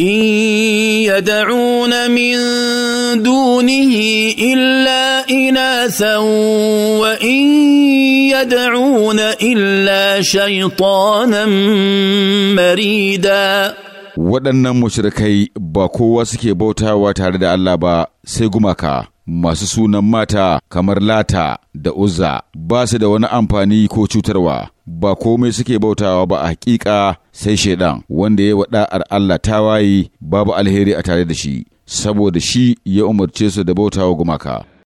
إن يدعون من دونه إلا إناثا وإن يدعون إلا شيطانا مريدا waɗannan mushrikai ba kowa suke bautawa tare da Allah ba sai gumaka masu sunan mata kamar lata da uzza ba su da wani amfani ko cutarwa ba komai suke bautawa ba a hakika sai shaidan wanda ya wa da'ar Allah ta tawaye babu alheri a tare da shi saboda shi ya umarce su da bautawa gumaka